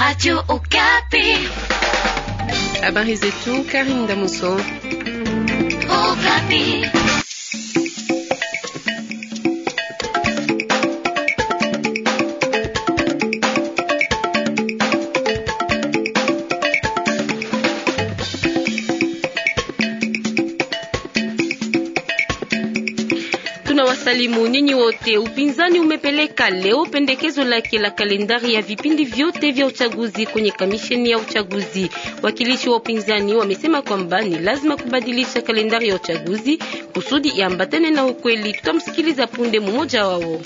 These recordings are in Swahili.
Radio Okapi. Habari zetu Karinda Muso. Okapi. wasalimu nyinyi wote. Upinzani umepeleka leo pendekezo lake la kalendari ya vipindi vyote vya uchaguzi kwenye kamisheni ya uchaguzi. Wakilishi wa upinzani wamesema kwamba ni lazima kubadilisha kalendari ya uchaguzi kusudi iambatane na ukweli. Tutamsikiliza punde mmoja wao.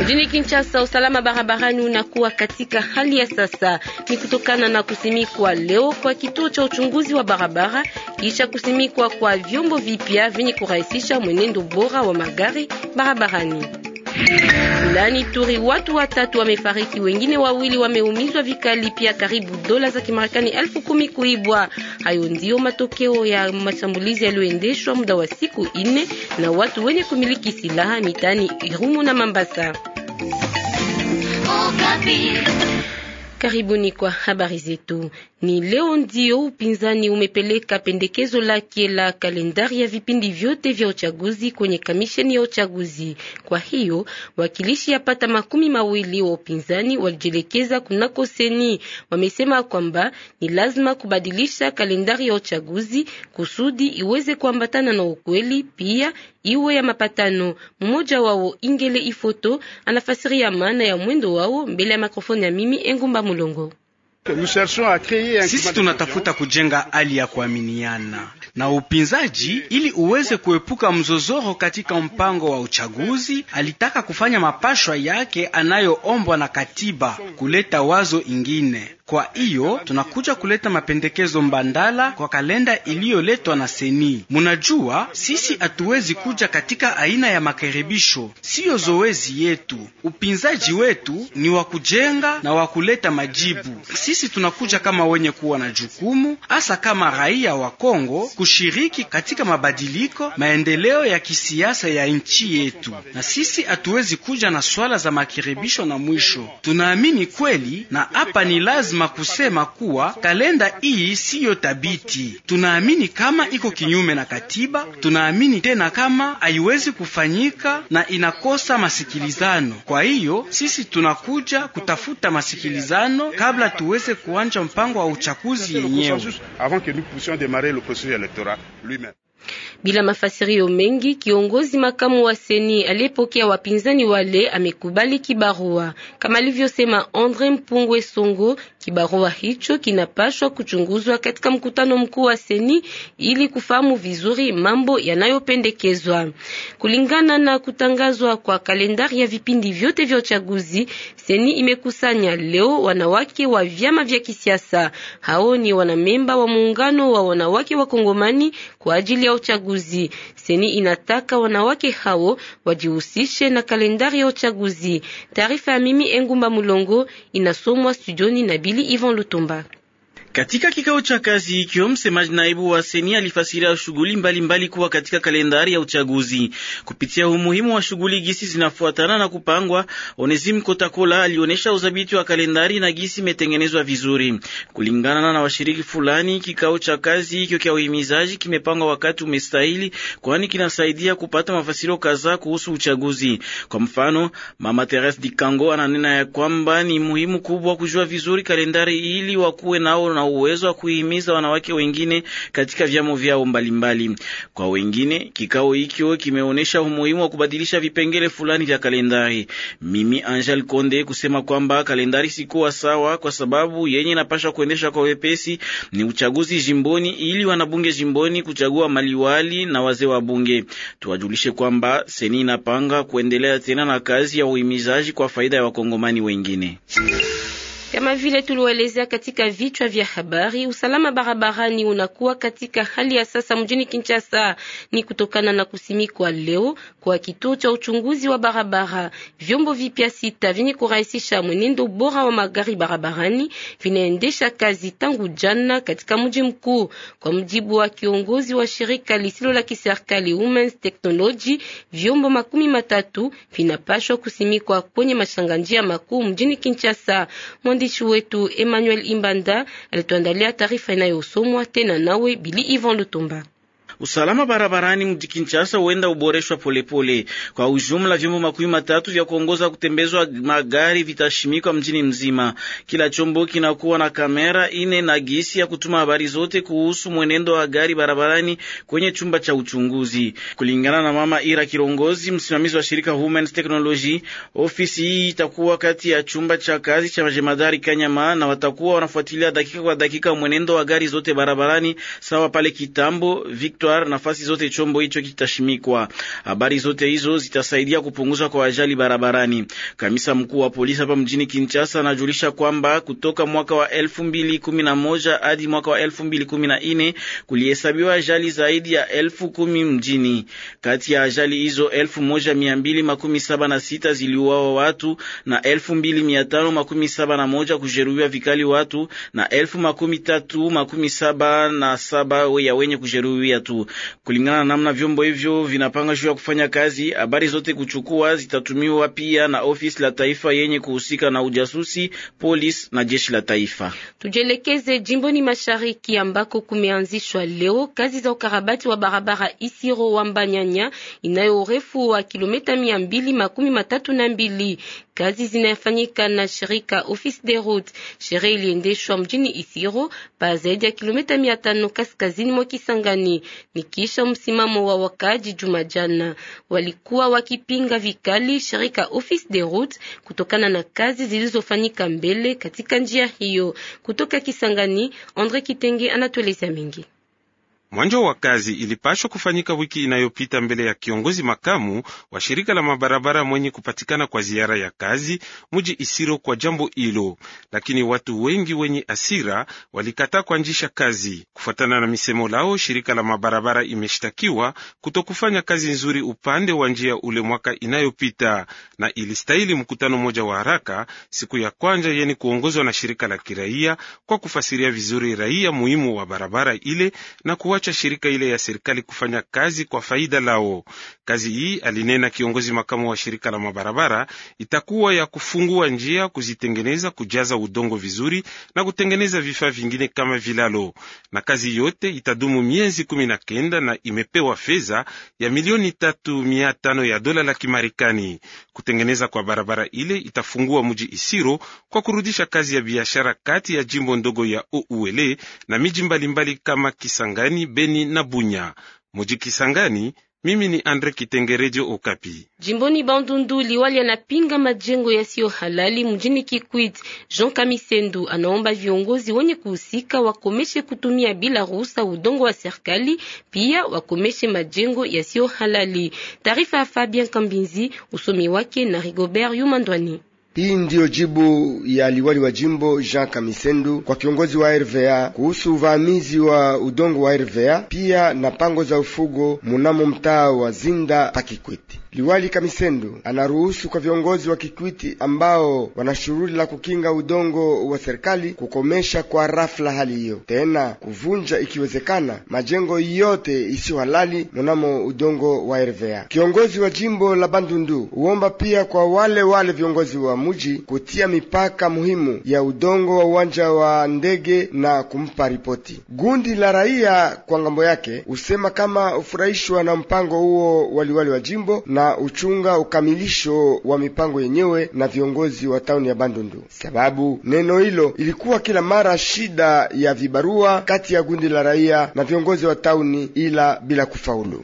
Mjini Kinshasa usalama barabarani unakuwa katika hali ya sasa. Ni kutokana na kusimikwa leo kwa kituo cha uchunguzi wa barabara kisha kusimikwa kwa vyombo vipya vyenye kurahisisha mwenendo bora wa magari barabarani. Lani Turi, watu watatu wamefariki, wengine wawili wameumizwa vikali, pia karibu dola za Kimarekani elfu kumi kuibwa. Hayo ndiyo matokeo ya mashambulizi yaliyoendeshwa muda wa siku ine na watu wenye kumiliki silaha mitani Irumu na Mambasa. Oh, Karibuni kwa habari zetu. Ni leo ndio upinzani umepeleka pendekezo lake la kalendari ya vipindi vyote vya uchaguzi kwenye kamisheni ya uchaguzi. Kwa hiyo wakilishi yapata makumi mawili wa upinzani walijielekeza kunako seni. Wamesema kwamba ni lazima kubadilisha kalendari ya uchaguzi kusudi iweze kuambatana na ukweli, pia iwe ya mapatano. Mmoja wao Ingele Ifoto anafasiria maana ya mwendo wao mbele ya mikrofoni ya mimi Engumba. Mwendo. Mulongo. Sisi tunatafuta kujenga hali ya kuaminiana na upinzaji ili uweze kuepuka mzozoro katika mpango wa uchaguzi. Alitaka kufanya mapashwa yake anayoombwa na katiba, kuleta wazo ingine kwa hiyo tunakuja kuleta mapendekezo mbandala kwa kalenda iliyoletwa na Seni. Munajua sisi hatuwezi kuja katika aina ya makaribisho, siyo zoezi yetu. Upinzaji wetu ni wa kujenga na wa kuleta majibu. Sisi tunakuja kama wenye kuwa na jukumu, hasa kama raia wa Kongo, kushiriki katika mabadiliko, maendeleo ya kisiasa ya nchi yetu, na sisi hatuwezi kuja na swala za makaribisho na mwisho. Tunaamini kweli na hapa ni lazima lazima kusema kuwa kalenda hii siyo thabiti. Tunaamini kama iko kinyume na katiba, tunaamini tena kama haiwezi kufanyika na inakosa masikilizano. Kwa hiyo sisi tunakuja kutafuta masikilizano kabla tuweze kuanja mpango wa uchaguzi yenyewe. Bila mafasirio mengi, kiongozi makamu wa seni aliyepokea wapinzani wale amekubali kibarua kama alivyosema Andre Mpungwe Songo. Kibarua hicho kinapashwa kuchunguzwa katika mkutano mkuu wa seni ili kufahamu vizuri mambo yanayopendekezwa kulingana na kutangazwa kwa kalendari ya vipindi vyote vya uchaguzi. Seni imekusanya leo wanawake wa vyama vya kisiasa. Hao ni wanamemba wa muungano wa wanawake wa Kongomani kwa ajili ya ya uchaguzi. Seni inataka wanawake hao wajihusishe na kalendari ya uchaguzi. Taarifa ya mimi Engumba Mulongo inasomwa studioni na Bili Ivan Lutumba. Katika kikao cha kazi hicho msemaji naibu wa seni alifasiria shughuli mbalimbali kuwa katika kalendari ya uchaguzi kupitia umuhimu wa shughuli gisi zinafuatana na kupangwa. Onesim Kotakola alionyesha udhabiti wa kalendari na gisi imetengenezwa vizuri kulingana na washiriki fulani. Kikao cha kazi hikyo kya uhimizaji kimepangwa wakati umestahili, kwani kinasaidia kupata mafasirio kadhaa kuhusu uchaguzi. Kwa mfano, Mama Teres Dikango ananena ya kwamba ni muhimu kubwa kujua vizuri kalendari ili wakuwe nao na wana uwezo wa kuhimiza wanawake wengine katika vyama vyao mbalimbali. Kwa wengine, kikao hicho kimeonyesha umuhimu wa kubadilisha vipengele fulani vya kalendari. Mimi Angel Konde kusema kwamba kalendari sikuwa sawa, kwa sababu yenye inapaswa kuendesha kwa wepesi ni uchaguzi jimboni, ili wanabunge jimboni kuchagua maliwali na wazee wa bunge. Tuwajulishe kwamba seni inapanga kuendelea tena na kazi ya uhimizaji kwa faida ya wakongomani wengine. Kama vile tulioelezea katika vichwa vya habari, usalama barabarani unakuwa katika hali ya sasa mjini Kinshasa. Ni kutokana na kusimikwa leo kwa kituo cha uchunguzi wa barabara. Vyombo vipya sita vyenye kurahisisha mwenendo bora wa magari barabarani vinaendesha kazi tangu jana katika mji mkuu, kwa mjibu wa kiongozi wa shirika lisilo la kiserikali Women's Technology. Vyombo makumi matatu vinapashwa kusimikwa kwenye mashanganjia makuu mjini Kinshasa. Mwende Mwandishi wetu Emmanuel Imbanda alituandalia taarifa inayosomwa tena nawe Bili Ivan Lutumba. Usalama barabarani mji Kinshasa huenda uboreshwa polepole. Kwa ujumla, vyombo makumi matatu vya kuongoza kutembezwa magari vitashimikwa mjini mzima. Kila chombo kinakuwa na kamera ine na gisi ya kutuma habari zote kuhusu mwenendo wa gari barabarani kwenye chumba cha uchunguzi, kulingana na mama Ira Kirongozi, msimamizi wa shirika Humans Technology. Ofisi hii itakuwa kati ya chumba cha kazi cha majemadari Kanyama, na watakuwa wanafuatilia dakika kwa dakika mwenendo wa gari zote barabarani, sawa pale Kitambo Victor Equator nafasi zote chombo hicho kitashimikwa. Habari zote hizo zitasaidia kupunguza kwa ajali barabarani. Kamisa mkuu wa polisi hapa mjini Kinshasa anajulisha kwamba kutoka mwaka wa 2011 hadi mwaka wa 2014 kulihesabiwa ajali zaidi ya 10,000 mjini. Kati ya ajali hizo 1276 ziliuawa watu na 2571 kujeruhiwa vikali watu na 1377 ya wenye kujeruhiwa tu tatu. Kulingana na namna vyombo hivyo vinapanga shughuli ya kufanya kazi, habari zote kuchukua zitatumiwa pia na ofisi la taifa yenye kuhusika na ujasusi, polisi na jeshi la taifa. Tujelekeze jimboni mashariki ambako kumeanzishwa leo kazi za ukarabati wa barabara Isiro wa Mbanyanya inayo urefu wa kilomita mia mbili makumi matatu na mbili Kazi zinafanyika na shirika Office de Route. Sherehe iliendeshwa mjini Isiro pa zaidi ya kilomita mia tano kaskazini mwa Kisangani. Ni kisha msimamo wa wakaji Jumajana, walikuwa wakipinga vikali shirika Office de Routes kutokana na kazi zilizofanyika mbele katika njia hiyo. Kutoka Kisangani, Andre Kitenge anatueleza mengi. Mwanjo wa kazi ilipashwa kufanyika wiki inayopita mbele ya kiongozi makamu wa shirika la mabarabara mwenye kupatikana kwa ziara ya kazi muji Isiro kwa jambo hilo, lakini watu wengi wenye asira walikataa kuanzisha kazi. Kufuatana na misemo lao, shirika la mabarabara imeshtakiwa kutokufanya kazi nzuri upande wa njia ule mwaka inayopita, na ilistahili mkutano mmoja wa haraka siku ya kwanja yeni kuongozwa na shirika la kiraia kwa kufasiria vizuri raia muhimu wa barabara ile na kuwa kuacha shirika ile ya serikali kufanya kazi kwa faida lao. Kazi hii, alinena kiongozi makamu wa shirika la mabarabara, itakuwa ya kufungua njia, kuzitengeneza, kujaza udongo vizuri na kutengeneza vifaa vingine kama vilalo, na kazi yote itadumu miezi kumi na kenda na imepewa fedha ya milioni tatu mia tano ya dola la Kimarekani. Kutengeneza kwa barabara ile itafungua mji Isiro kwa kurudisha kazi ya biashara kati ya jimbo ndogo ya Ouele na miji mbalimbali kama Kisangani Beni na Bunya. Mujikisangani, mimi ni Andre Kitengerejo Okapi. Jimboni Bandundu, liwali anapinga majengo yasiyo halali mjini Kikwit. Jean Kamisendu anaomba viongozi wenye kuhusika wakomeshe kutumia bila ruhusa udongo wa serikali, pia wakomeshe majengo yasiyo halali. Taarifa ya Fabien Kambinzi, usomi wake na Rigobert Yumandwani. Hii ndiyo jibu ya liwali wa jimbo Jean Kamisendu kwa kiongozi wa RVA kuhusu uvamizi wa udongo wa RVA pia na pango za ufugo munamo mtaa wa Zinda pakikwiti Liwali Kamisendu anaruhusu kwa viongozi wa Kikwiti ambao wana shughuli la kukinga udongo wa serikali kukomesha kwa rafla hali hiyo, tena kuvunja ikiwezekana majengo yote isiyo halali mnamo udongo wa RVA. Kiongozi wa jimbo la Bandundu huomba pia kwa wale wale viongozi wa muji kutia mipaka muhimu ya udongo wa uwanja wa ndege na kumpa ripoti. Gundi la raia kwa ngambo yake husema kama ufurahishwa na mpango huo waliwali wa jimbo na na uchunga ukamilisho wa mipango yenyewe na viongozi wa tauni ya Bandundu, sababu neno hilo ilikuwa kila mara shida ya vibarua kati ya gundi la raia na viongozi wa tauni, ila bila kufaulu.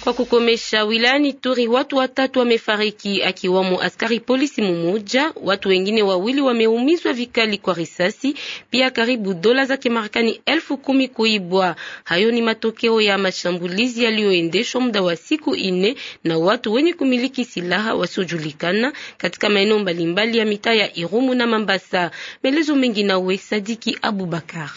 Kwa kukomesha wilayani Turi, watu watatu wamefariki akiwamo askari polisi mmoja. Watu wengine wawili wameumizwa vikali kwa risasi. Pia karibu dola za Kimarekani elfu kumi kuibwa. Hayo ni matokeo ya mashambulizi yaliyoendeshwa muda wa siku ine na watu wenye kumiliki silaha wasiojulikana katika maeneo mbalimbali ya mitaa ya Irumu na Mambasa. Melezo mengi nawe Sadiki Abubakar.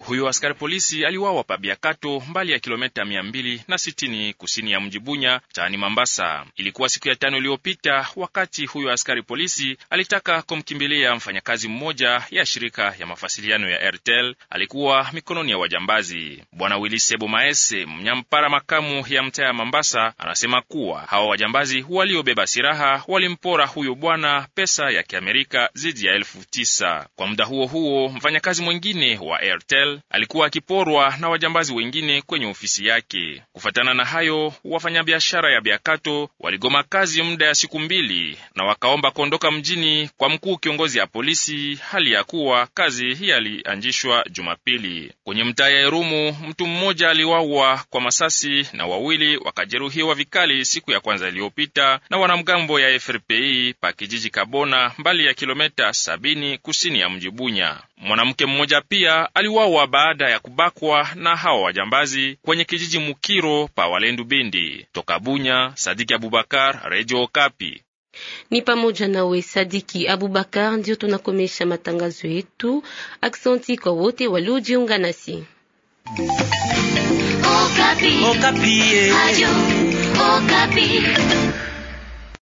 Huyo askari polisi aliwawa Pabiakato, mbali ya kilomita mia mbili na sitini kusini ya mji Bunya taani Mambasa. Ilikuwa siku ya tano iliyopita, wakati huyo askari polisi alitaka kumkimbilia mfanyakazi mmoja ya shirika ya mafasiliano ya Airtel alikuwa mikononi ya wajambazi. Bwana Sebo Maese, mnyampara makamu ya mtaa ya Mambasa, anasema kuwa hawa wajambazi waliobeba silaha walimpora huyo bwana pesa ya Kiamerika zidi ya elfu tisa. Kwa muda huo huo, mfanyakazi mwingine wa Airtel Senegal alikuwa akiporwa na wajambazi wengine kwenye ofisi yake. Kufatana na hayo, wafanyabiashara ya Biakato waligoma kazi muda ya siku mbili na wakaomba kuondoka mjini kwa mkuu kiongozi ya polisi, hali ya kuwa kazi hii alianjishwa Jumapili. Kwenye mtaa ya Irumu, mtu mmoja aliwawa kwa masasi na wawili wakajeruhiwa vikali siku ya kwanza iliyopita na wanamgambo ya FRPI pa kijiji Kabona, mbali ya kilometa sabini kusini ya mji Bunya. Mwanamke mmoja pia aliwawa baada ya kubakwa na hawa wajambazi kwenye kijiji Mukiro pa Walendu Bindi. Toka Bunya, Sadiki Abubakar, redio Okapi. Ni pamoja nawe Sadiki Abubakar. Ndio tunakomesha matangazo yetu. Aksanti kwa wote waliojiunga nasi Okapi. Okapi. Eh. Okapi.